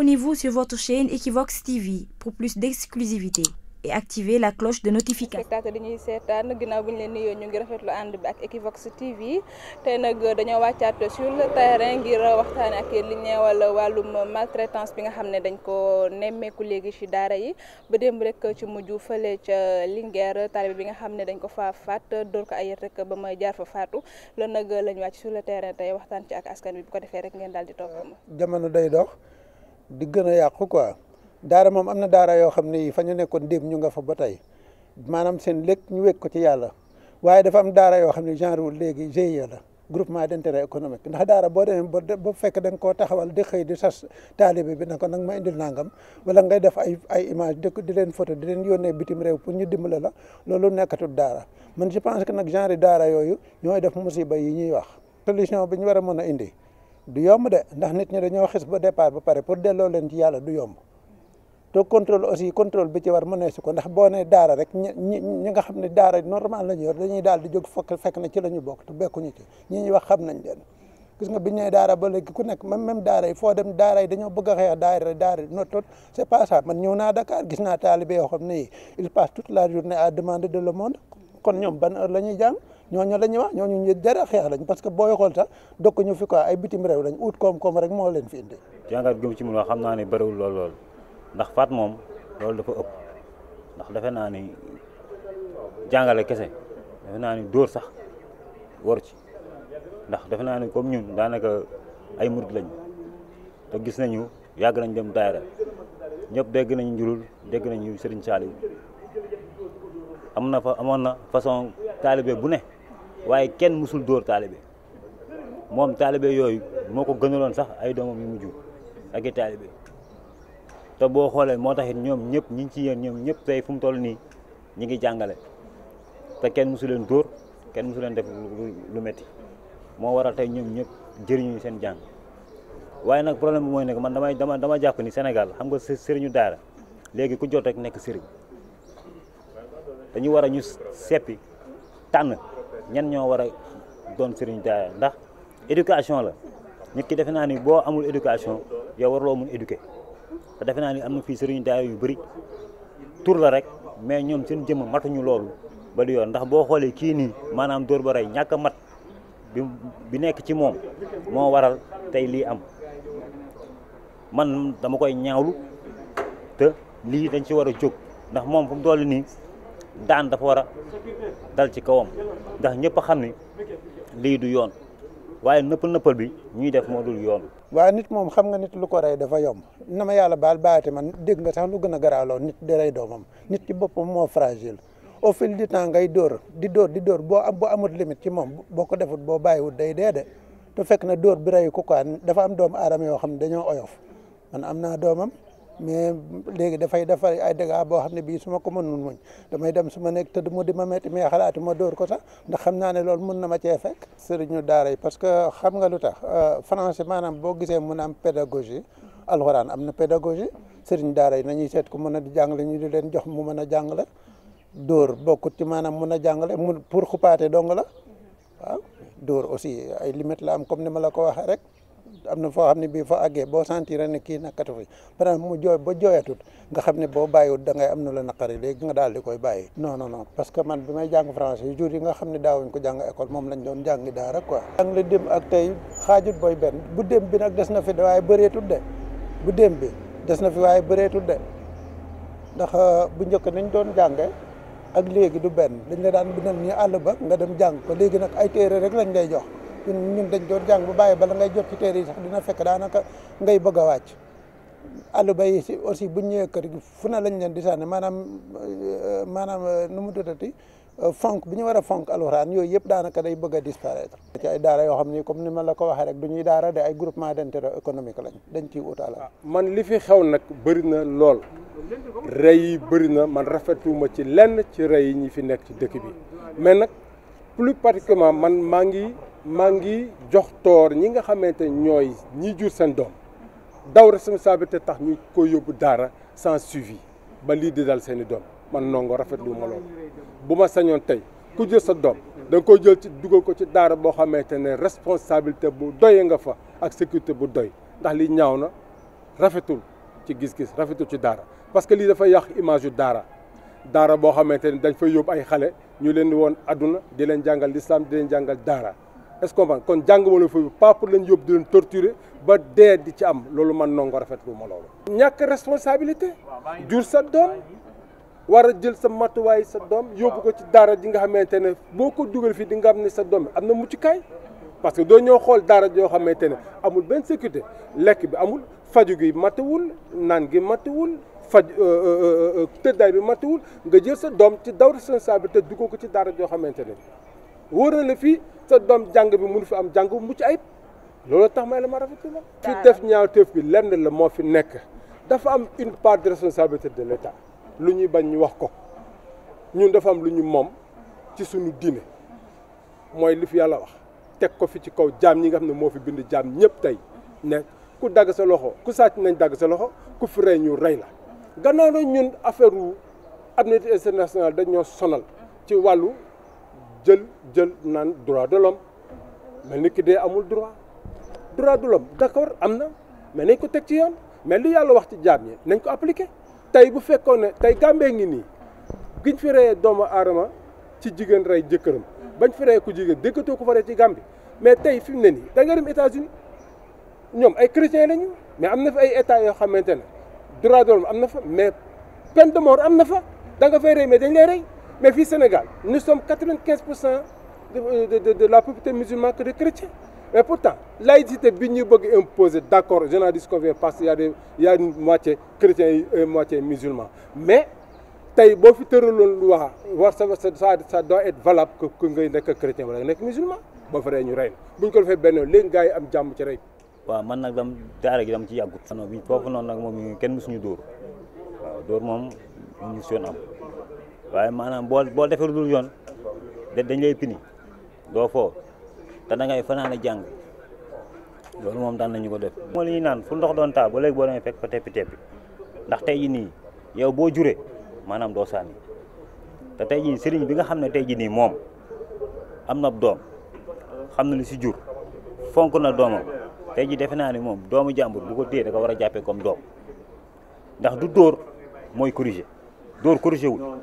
Abonnez-vous sur votre chaîne Equivox TV pour plus d'exclusivité et activez la cloche de notification. spectateur ñuy seetaan ginnaaw bi leen nuyoo ñu ngi rafetlu ànd bi ak Equivox TV te nag dañoo wàccaat sur le terrain ngir waxtaan ak li ñeewal wàllum maltraitance bi nga xam ne dañ ko nemmeeku léegi ci daara yi ba démb rek ci mujj fële ca Linguère taalibe bi nga xam ne dañ ko faa faat door ko ay yet rek ba may jaar fa faatu loolu nag lañu wàcc sur le terrain tey waxtaan ci ak askan bi bu ko defee rek ngeen daal di topp. Euh, jamono day dox. di gën a yàqu quoi daara moom am na daara yoo xam ne yi fa ñu nekkoon démb ñu nga fa ba tey maanaam seen lekk ñu wekk ko ci yàlla waaye dafa am daara yoo xam ne genre wu léegi GIE la groupement d'intérêt économique ndax daara boo demee ba fekk da nga koo taxawal di xëy di sas taalibe bi na ko nag ma indil nangam wala ngay def ay ay image di di leen photo di leen yónnee bitim réew pour ñu dimbale la loolu nekkatul daara man je pense que nag genre daara yooyu ñooy def musiba yi ñuy wax solution bi ñu war a mën a indi du yomb de ndax nit ñi dañoo xis ba départ ba pare pour delloo leen ci yàlla du yomb te contrôle aussi contrôle bi ci war mënee su ko ndax boo nee daara rek ñi nga xam ne daara normal la ñu yor dañuy daal di jog fokk fekk na ci la ñu bokk te bekkuñu ci ñi ñuy wax xam nañ leen gis nga biñ nee daara ba léegi ku nekk même même daara yi foo dem daara yi dañoo bëgg a xeex daara daara notot c'est pas ça man ñëw naa Dakar gis naa taalibe yoo xam ne il passe toute la à demander de le monde kon ñoom ban heure la ñuy jàng ñooñu la ñuy wax ñooñu ñu dara xeex lañ parce que booy xool sax dokkuñu ñu fi quoi ay bitim réew lañ ut koom-koom rek moo leen fi indi. jàngat gi mu ci xam naa ne bëriwul lool ndax faat moom loolu dafa ëpp ndax defe naa ni jàngale kese defe naa ni dóor sax war ci ndax defe naa ni comme ñun daanaka ay murid lañ te gis nañu yàgg nañ dem daayira ñëpp dégg nañu njurul dégg nañu Serigne Saliou am na fa amoon na façon taalibe bu ne. waaye kenn musul dóor taalibe moom taalibe yooyu moo ko gënaloon sax ay doomam yu mu jur ak i taalibe te boo xoolee moo taxit ñoom ñëpp ñi ci yéen ñoom ñëpp tey fu mu toll nii ñi ngi jàngale te kenn musu leen dóor kenn musu leen def lu metti moo waral tey ñoom ñëpp jëriñu seen jàng waaye nag problème bi mooy nekk man damay dama dama jàpp ni Sénégal xam nga sëriñu daara léegi ku jot rek nekk sëriñ dañu war a ñu seppi tànn ñan ñoo war a doon sëriñ daara ndax éducation la nit ki defe naa ni boo amul éducation yow warloo mun éduquer te defe naa ni am na fii sëriñ daara yu bëri tur la rek mais ñoom seen jëmm matuñu loolu ba du yoon ndax boo xoolee kii nii maanaam dóor ba rey ñàkk mat bi nekk ci moom moo waral tey lii am man dama koy ñaawlu te lii dañ ci war a jóg ndax moom fu mu nii daan dafa war dal ci kawam ndax ñëpp xam ni lii du yoon waaye nëppal nëppal bi ñuy def moo dul yoon. waaye nit moom xam nga nit lu ko rey dafa yomb na yàlla baal baate man dégg sax lu gën a garaaloo nit di doomam nit ci boppam moo fragile au fil du temps ngay dóor di door di door boo am boo amut limite ci moom boo ko defut boo bàyyiwut day dee de te fekk na dóor bi rey ko quoi dafa am doom aadama yoo xam ne dañoo oyof man am naa doomam. mais léegi dafay defar ay dégâts boo xam ne bii su ma ko mënul muñ damay dem su ma nekk du mu di ma metti mais xalaatu ma dóor ko sax ndax xam naa ne loolu mun na ma cee fekk sëriñu daara yi parce que xam nga lu tax euh, français maanaam boo gisee mun a am pédagogie alxuraan am na pédagogie sëriñ daara yi nañuy seet ku mën a di la ñu di leen jox mu mën a jàngale dóor bokkut ci maanaam mun a jàngale mu pour xupaate dong la waaw dóor aussi ay limite la am comme ni ma la ko waxee rek am na foo xam ne bii foo àggee boo sentir ne kii nakkatu fi par exemple mu jooy ba jooyatut nga xam ne boo bàyyiwut dangay am nu la naqari léegi nga daal di koy bàyyi non no non parce que man bu may jàng français jour yi nga xam ne daawuñ ko jàng école moom lañ doon jàngi daara quoi jàng la dem ak tey xaajut booy benn bu dem bi nag des na fi waaye bëreetut de bu dem bi des na fi waaye bëreetut de ndax euh, bu njëkk nañ doon jànge ak léegi du benn dañ la daan bindal nii àll ba nga dem jàng ko léegi nag ay téere rek lañ lay jox ñun dañ doon jàng bu bàyyi bala ngay jot ci téere yi sax dina fekk daanaka ngay bëgg a wàcc àll ba si aussi bu ñëwee kër gi fu na lañ leen di sànni maanaam euh, maanaam euh, nu mu tuddati euh, fonk bi ñu war a fonk alxuraan yooyu yëpp daanaka day bëgg a disparaître ci ay daara yoo xam ni comme ni ma la ko waxee rek du ñuy daara de ay groupement d'intérêt économique lañ dañ ciy ut alal ah, man li fi xew nag bëri na lool rey yi bëri na man rafetuma ci lenn ci rey yi ñu fi nekk ci dëkk bi mais plus particulièrement man maa ngi maa ngi jox toor ñi nga xamante ñooy ñi jur seen doom daw responsabilité tax ñu ko yóbbu daara sans suivi ba lii di dal seen i doom man nongo rafetlu ma loolu bu ma sañoon tey ku jël sa doom da nga koy jël ci duggal ko ci daara boo xamante ne responsabilité bu doyee nga fa ak sécurité bu doy ndax li ñaaw na rafetul ci gis-gis rafetul ci daara parce que lii dafa yàq image yu daara daara boo xamante ne dañ fay yóbbu ay xale ñu leen di woon adduna di leen jàngal l'islam di leen jàngal daara est-ce que comprendre kon jàng wala foofu pas pour lañ yóbbu di leen torturer ba dee di ci am loolu man nongo rafetlu ma loolu ñàkk responsabilité jur sa doom war a jël sa matuwaay sa doom yóbbu ko ci daara ji nga xamante ne boo ko dugal fii di nga xam ne sa doom am na muccukaay parce que doo ñëw xool daara joo xamante ne amul benn sécurité lekk bi amul faju gi matewul naan gi matewul faj euh, euh, euh, tëddaay bi mattiwul nga jël sa doom ci daw responsabilité duggoo ko ci daara joo xamante ne wóor na la fii sa doom jàng bi mënu fi am jàng bu mucc ayib loolu tax may la ma rafetlu def ñaawteef bi lenn la moo fi nekk dafa am une part de responsabilité de lu ñuy bañ ñu wax ko ñun dafa am lu ñu moom ci suñu diine mooy li yàlla wax teg ko fi ci kaw jaam ñi nga xam ne moo fi bind jaam ñëpp tey ne ku dagg sa loxo ku sàcc nañ dagg sa loxo ku fi rey ñu rey la. gannaaw na ñun affaire u Amnesty International dañoo sonal ci wàllu jël jël naan droit de l'homme mel ni ki dee amul droit droit de l'homme d'accord am na mais nañ ko teg ci yoon mais lu yàlla wax ci jaam ñi nañ ko appliqué tey bu fekkoon ne tey gàmbee ngi nii giñ fi reyee doomu aadama ci jigéen rey jëkkëram bañ fi reyee ku jigéen déggatoo ku fa rey ci Gambie mais tey fi mu ne nii da nga dem États-Unis ñoom ay chrétiens lañu mais am na fi ay états yoo xamante ne droit de l'homme am na fa mais peine de mort am na fa da nga fay rey mais dañ lay rey mais fii Sénégal nous sommes quatre quinze pour cent de de de la population musulmane que de chrétiens mais pourtant laïcité bi ñu bëgg imposer d' accord je n'en disconviens pas parce que y a des y a chrétien musulman mais tey boo fi tëraloon lu wax war sa sa ça doit être valable que ngay nekk chrétien wala nekk musulman boo fa ñu rey na bu ñu ko defee benn léegi gars yi am jàmm ci rey. waaw man nag dam daara gi dam ci yàggut non bi foofu noonu nag moom kenn mësuñu dóor waaw dóor moom ñu si yoon am waaye maanaam boo boo defee lu dul yoon da dañ lay pini doo foo te da ngay fanaan a jàng loolu moom daan nañu ko def moo li ñuy naan fu ndox doon taa ba léegi boo demee fekk fa teppi teppi ndax tey ji nii yow boo juree maanaam doo sànni te tey ji sëriñ bi nga xam ne tey ji nii moom am na doom xam na lu si jur fonk na doomam tey ji defe naa ne moom doomu jàmbur bu ko téye da ko war a jàppe comme doom ndax du dóor mooy corriger dóor corriger wul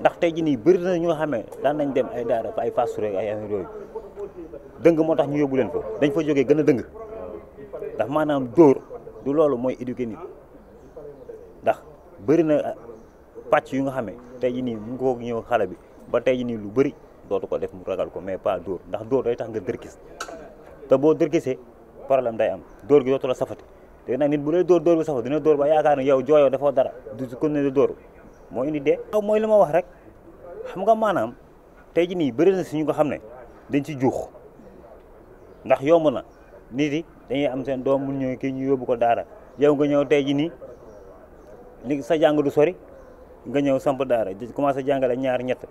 ndax tey ji nii bëri na ñoo xamee daan nañ dem ay daara ay fastu rek ay affaire yooyu dëng moo tax ñu yóbbu leen fa dañ fa jógee gën a dëng ndax maanaam dóor du loolu mooy éduquer nit ndax bëri na pàcc yu nga xamee tey ji nii mu ngi ko ñëw xale bi ba tey ji nii lu bëri dootu ko def mu ragal ko mais pas dóor ndax dóor day tax nga dërkis te boo dërkisee problème day am dóor gi dootu la safati léegi nag nit bu lay dóor dóor bu safat dina dóor ba yaakaar ne yow jooyoo dafoo dara du kon ne di dóor moo indi dee mooy li ma wax rek xam nga maanaam tey ji nii bëri na si ñu nga xam ne dañ ci juux ndax yomb na nit yi dañuy am seen doom mu ñëw kii ñu yóbbu ko daara yow nga ñëw tey ji nii li sa jàng du sori nga ñëw samp daara commencé jàngale ñaar ñett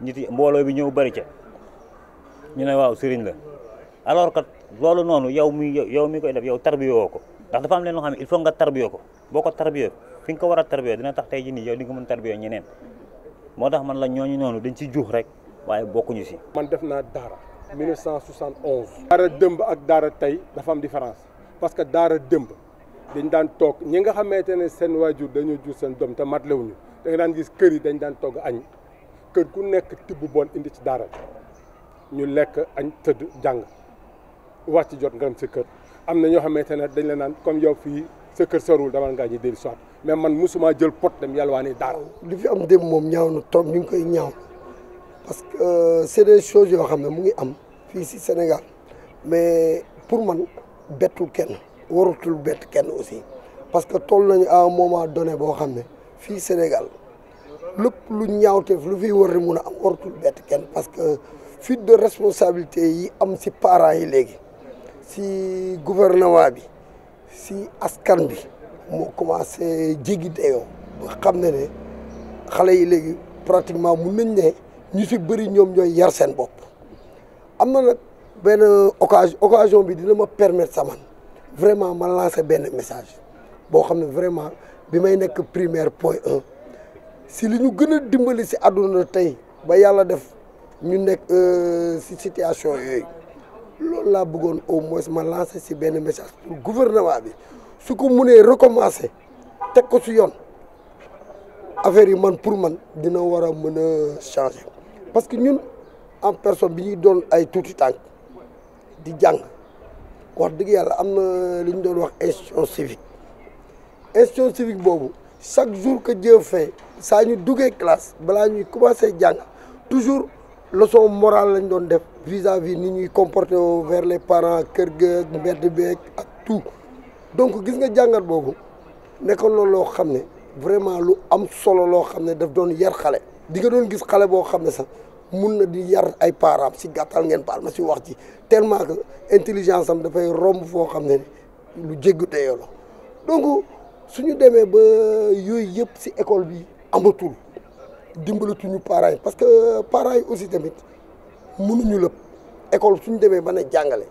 nit mbooloo bi ñëw bëri ca ñu ne waaw sëriñ la alors que loolu noonu yow mi yow mi koy def yow tarbiyoo ko ndax dafa am leen loo xam ne il faut nga tarbiyoo ko boo ko tarbiyoo fi nga ko war a tarbiyoo dina tax tey jii nii yow di nga mën tarbiyoo ñeneen moo tax man la ñooñu noonu dañ ci juux rek waaye bokkuñu si. man def naa daara 1971. daara dëmb ak daara tey dafa am différence parce que daara dëmb dañ daan toog ñi nga xamante ne seen waajur dañoo jur seen doom te matlewuñu da nga daan gis kër yi dañ daan togg añ kër ku nekk tibb bool indi ci daara ñu lekk añ tëdd jàng. wàcc jot nga dem sa kër am na ñoo xamante ne dañ la naan comme yow fii sa kër sorul dama ngaa ñi dellu soit mais man musuma jël pot dem yalwaani daara li fi am démb moom ñaaw na trop ñu koy ñaaw parce que euh, c'est des choses yoo xam ne mu ngi am fii si Sénégal mais pour man bettul kenn warutul bett kenn aussi parce que toll nañu à un moment boo xam ne fii Sénégal lépp lu ñaawteef lu fiy war a mun a am warutul bett kenn parce que fuite de responsabilité yi am si parents yi léegi si gouvernement bi si askan bi moo commencé jéggi dayoo ba xam ne ne xale yi léegi pratiquement mun nañ ne ñu si bëri ñoom ñooy yar seen bopp am na nag benn occasion occasion bi dina ma permettre sama vraiment ma lancer benn message boo xam ne vraiment bi may nekk primaire point si li ñu gën a dimbali si àdduna tey ba yàlla def ñu nekk si euh, situation yooyu loolu laa bëggoon au moins ma lancer si benn message pour gouvernement bi su ko mënee recommencer teg ko ci yoon affaire yi man pour man dina war a mën a changer parce que ñun en personne bi ñuy doon ay tuuti tànk di jàng wax dëgg yàlla am na li ñu doon wax institution civique institution civique boobu chaque jour que Dieu fait saa ñu duggee classe balaa ñuy commencer jàng toujours. leçon morale lañ doon def vis-à-vis ni ñuy comporté woo vers les parents kër ga ak mbedd beeg ak tout donc gis nga jàngat boobu nekkoon na loo xam ne vraiment lu am solo loo xam ne daf doon yar xale di nga doon gis xale boo xam ne sax mun na di yar ay parents si gàttal ngeen baal ma si wax ci tellement que intelligence am dafay romb foo xam ne lu jéggu dayoo la donc su ñu demee ba yooyu yëpp si école bi amatul dimbalatuñu parents yi parce que parents yi aussi tamit mënuñu lépp école suñu demee ba ne jàngale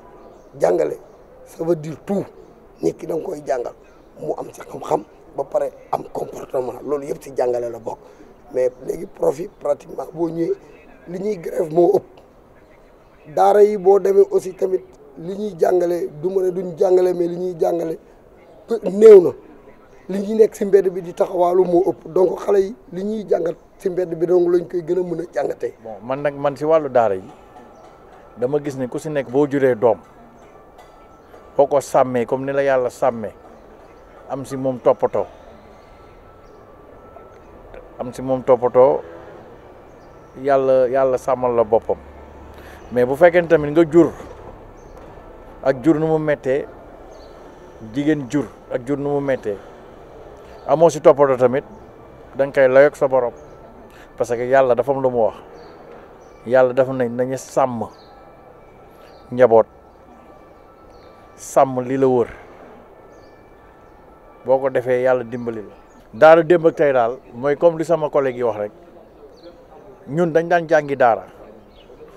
jàngale ça veut dire tout nit ki dang koy jàngal mu am ci xam-xam ba pare am comportement loolu yëpp ci jàngale la bokk mais léegi profit yi pratiquement boo ñëwee li ñuy grève moo ëpp daara yi boo demee aussi tamit li ñuy jàngale du ma ne duñ jàngale mais li ñuy jàngale néew na li ñuy nekk ci mbedd bi di taxawaalu moo ëpp donc xale yi li ñuy jàngat si mbedd bi donc lañ koy gën a mën a jàngatee. bon man nag man si wàllu daara yi dama gis ne ku si nekk boo juree doom boo ko sàmmee comme ni la yàlla sàmmee am si moom toppatoo am si moom toppatoo yàlla yàlla sàmmal la boppam mais bu fekkee ni tamit nga jur ak jur nu mu méttee jigéen jur ak jur nu mu mettee amoo si toppatoo tamit da nga koy layoog sa borom. parce que yàlla dafa am lu wax yàlla def nañ nañu sàmm njaboot sàmm li la wër boo ko defee yàlla dimbali la. daara démb ak daal mooy comme li sama collègue yi wax rek ñun dañ daan jàngi daara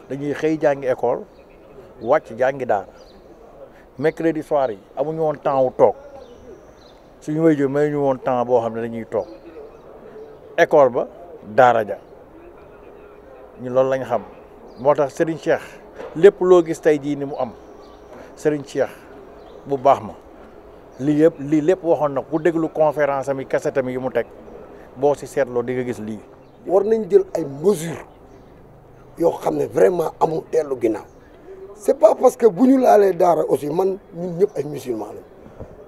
dañuy xëy jàngi école wàcc jàngi daara mercredi soir yi amuñu woon temps wu toog suñu wéy jooy woon temps boo xam ne dañuy toog école ba. daara ja ñu loolu lañu xam moo tax Serigne Cheikh lépp loo gis tey jii ni mu am Serigne Cheikh bu baax ma lii yëpp lii lépp waxoon na ku déglu conférence am yi kaset yi mu teg boo si seetloo di nga gis lii. war nañ jël ay mesures yoo xam ne vraiment amul teelu ginnaaw c'est pas parce que bu ñu laalee daara aussi man ñun ñëpp ay musulman lañ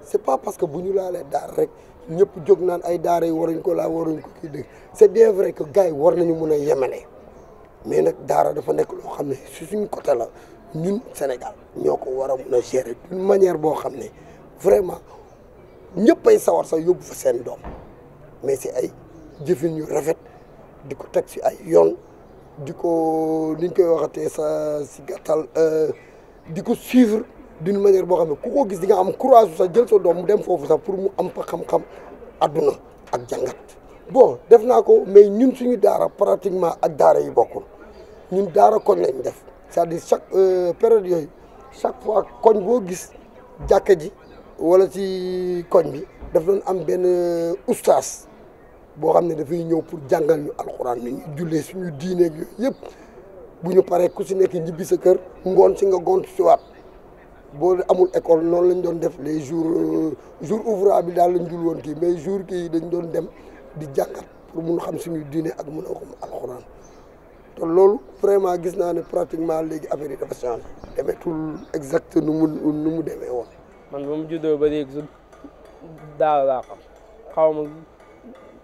c'est pas parce que bu ñu laalee daara rek. ñëpp jóg naan ay daara yi waruñ ko laa waruñ ko kii dégg c'est bien vrai que gars yi war nañu mun a yemale mais nag daara dafa nekk loo xam ne si suñ côté la ñun Sénégal ñoo ko war a mun a gérer d'une manière boo xam ne vraiment ñëpp ay sawar sax yóbbu fa seen doom mais si ay jëfin yu rafet di ko teg si ay yoon di ko niñ koy waxatee sa si gàttal euh, di ko suivre dina manière boo xam ne ku ko gis di nga am courage sax jël sa doom mu dem foofu sax pour mu am fa xam-xam adduna ak jàngat bon def naa ko mais ñun suñu daara pratiquement ak daara yi bokkul ñun daara koñ lañ def c'est-à-dire chaque euh, période yooyu chaque fois koñ boo gis jàkka ji wala ci koñ bi daf doon am benn euh, ustaas boo xam ne dafay ñëw pour jàngal ñu alxuraan ni ñu jullee suñu diineeg yooyu yëpp bu ñu paree ku si nekk ñibbi sa kër ngoon si nga gont si waat boo amul école noonu lañ doon def les jours euh, jour ouvrable bi daal lañ dul woon kii mais jour kii dañ doon dem di jàngat pour mun xam suñuy dine ak mun a xam alxuraan te loolu vraiment gis naa ne pratiquement léegi affaire yi dafa changé nu mu nu mu demee woon man ba mu juddoo ba léegi su daara laa xam xaw ma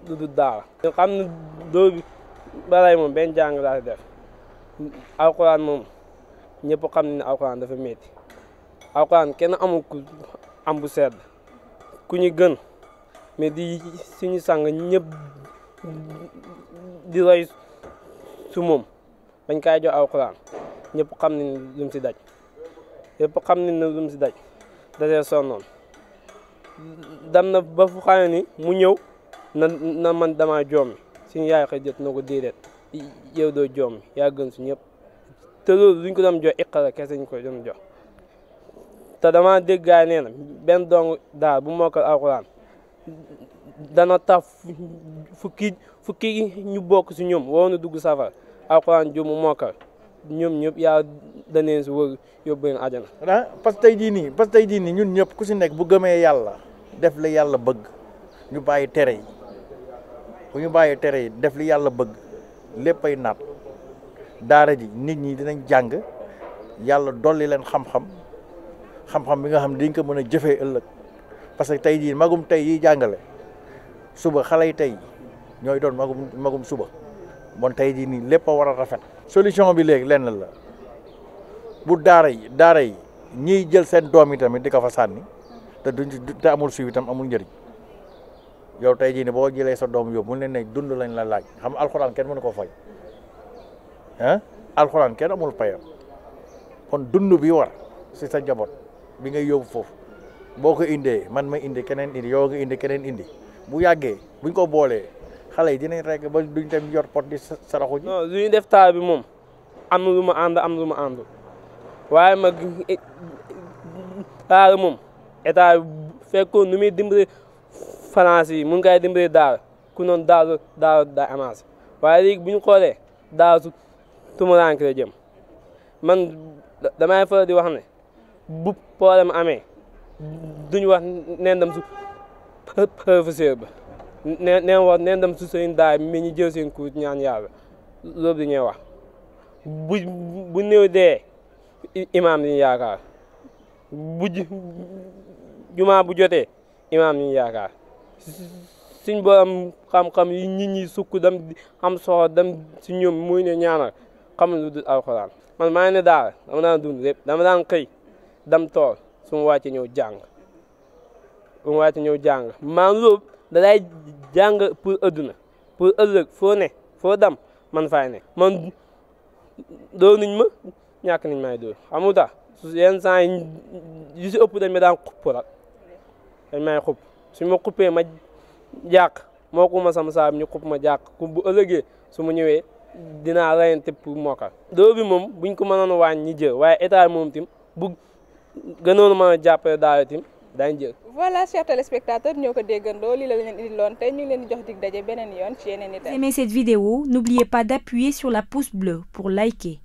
lu du daara xam ne alxuraan moom ñëpp xam ne ne alxuraan dafa métti aw alxuraan kenn amul ku am bu sedd ku ñu gën mais di suñu sàng ñëpp di roy su moom bañ kaay jox aw alxuraan ñëpp xam nañ lu si daj ñëpp xam nañ ne lu si daj dasee sonnoon dem na ba fu xam ni mu ñëw na na man dama joom suñu yaay xëy jot na ko déedéet yow doo joom yaa gën su ñëpp te lu luñ ko doon jox iqara kese ñu koy doon jox te damaa dégg gaay nee na benn dong daal bu mokkal alxuraan dana tax fukki ñu bokk si ñoom waroon na dugg safar alxuraan ju mu mokkal ñoom ñëpp yaa daneen si wër yóbbu leen àjjana ah parce que tey jii nii parce que jii nii ñun ñëpp ku si nekk bu gëmee yàlla def la yàlla bëgg ñu bàyyi tere yi bu ñu bàyyi tere yi def li yàlla bëgg léppay naat daara ji nit ñi dinañ jàng yàlla dolli leen xam-xam xam-xam bi nga xam dañ ko mën a jëfee ëllëg parce que tey jii magum tey yi jàngale suba xale yi tey ñooy doon magum magum suba bon tey jii nii lépp a war a rafet. solution bi léegi lenn la bu daaray yi daara yi ñiy jël seen doom yi tamit di ko fa sànni te duñ te amul suivi tam amul njëriñ yow tey jii nii boo jëlee sa doom yow mu leen ne dund lañ la laaj xam alxuraan kenn mënu ko fay ah alxuraan kenn amul payam kon dund bi war si sa njaboot. bi nga yóbbu foofu boo ko indee man ma indi keneen indi yoo nga indi keneen bu yàggee buñ ko boolee xale yi dinañ rek ba duñ dem yor pot di saraxu ji. non lu def taal bi moom am na lu ma ànd am na lu ma ànd waaye mag eh, moom état bi fekkoon nu muy dimbali France yi mu ngi koy ku noon daal daal daa avancé waaye léegi bu ñu xoolee daal su tumuraanke la man damay faral di wax ne bu. problème amee duñu wax neen dem su ba neen neen wax neen daay mi ñu jël seen cours ñaan yàlla loolu dañuy wax bu bu dee imaam yi yaakaar bu jumaa bu jotee imaam yi yaakaar suñ borom xam-xam yi nit ñi sukk dem am soxla dem si ñoom muy ne ñaanal xam lu dul alxuraan man maa ngi ne dama daan dund lépp dama daan xëy dam tool sum ma wàcc ñëw jàng su ma ñëw jàng maam lóob da lay jàng pour ëdduna pour ëllëg foo ne foo dam man faay ne man dóor niñ ma ñàkk niñ maay dóor xamu tax yenn saa yu si ëpp dañ ma daan xuppural dañ may xupp su ma xuppee ma jàq moo ko ma sama saab ñu xupp ma jàq ku bu ëllëgee su ma ñëwee dinaa rayante pour mokkal dóor moom buñ ko mënoon wàññi ñi jël waaye état moom tim gënoon ma jàppale daaw itam daañu jël. voilà chers téléspectateurs ñoo ko déggandoo li la leen indiloon tey ñu ngi leen di jox dig daje beneen yoon ci yeneen itam. aimez cette vidéo n'oubliez pas d'appuyer sur la pouce bleue pour liker.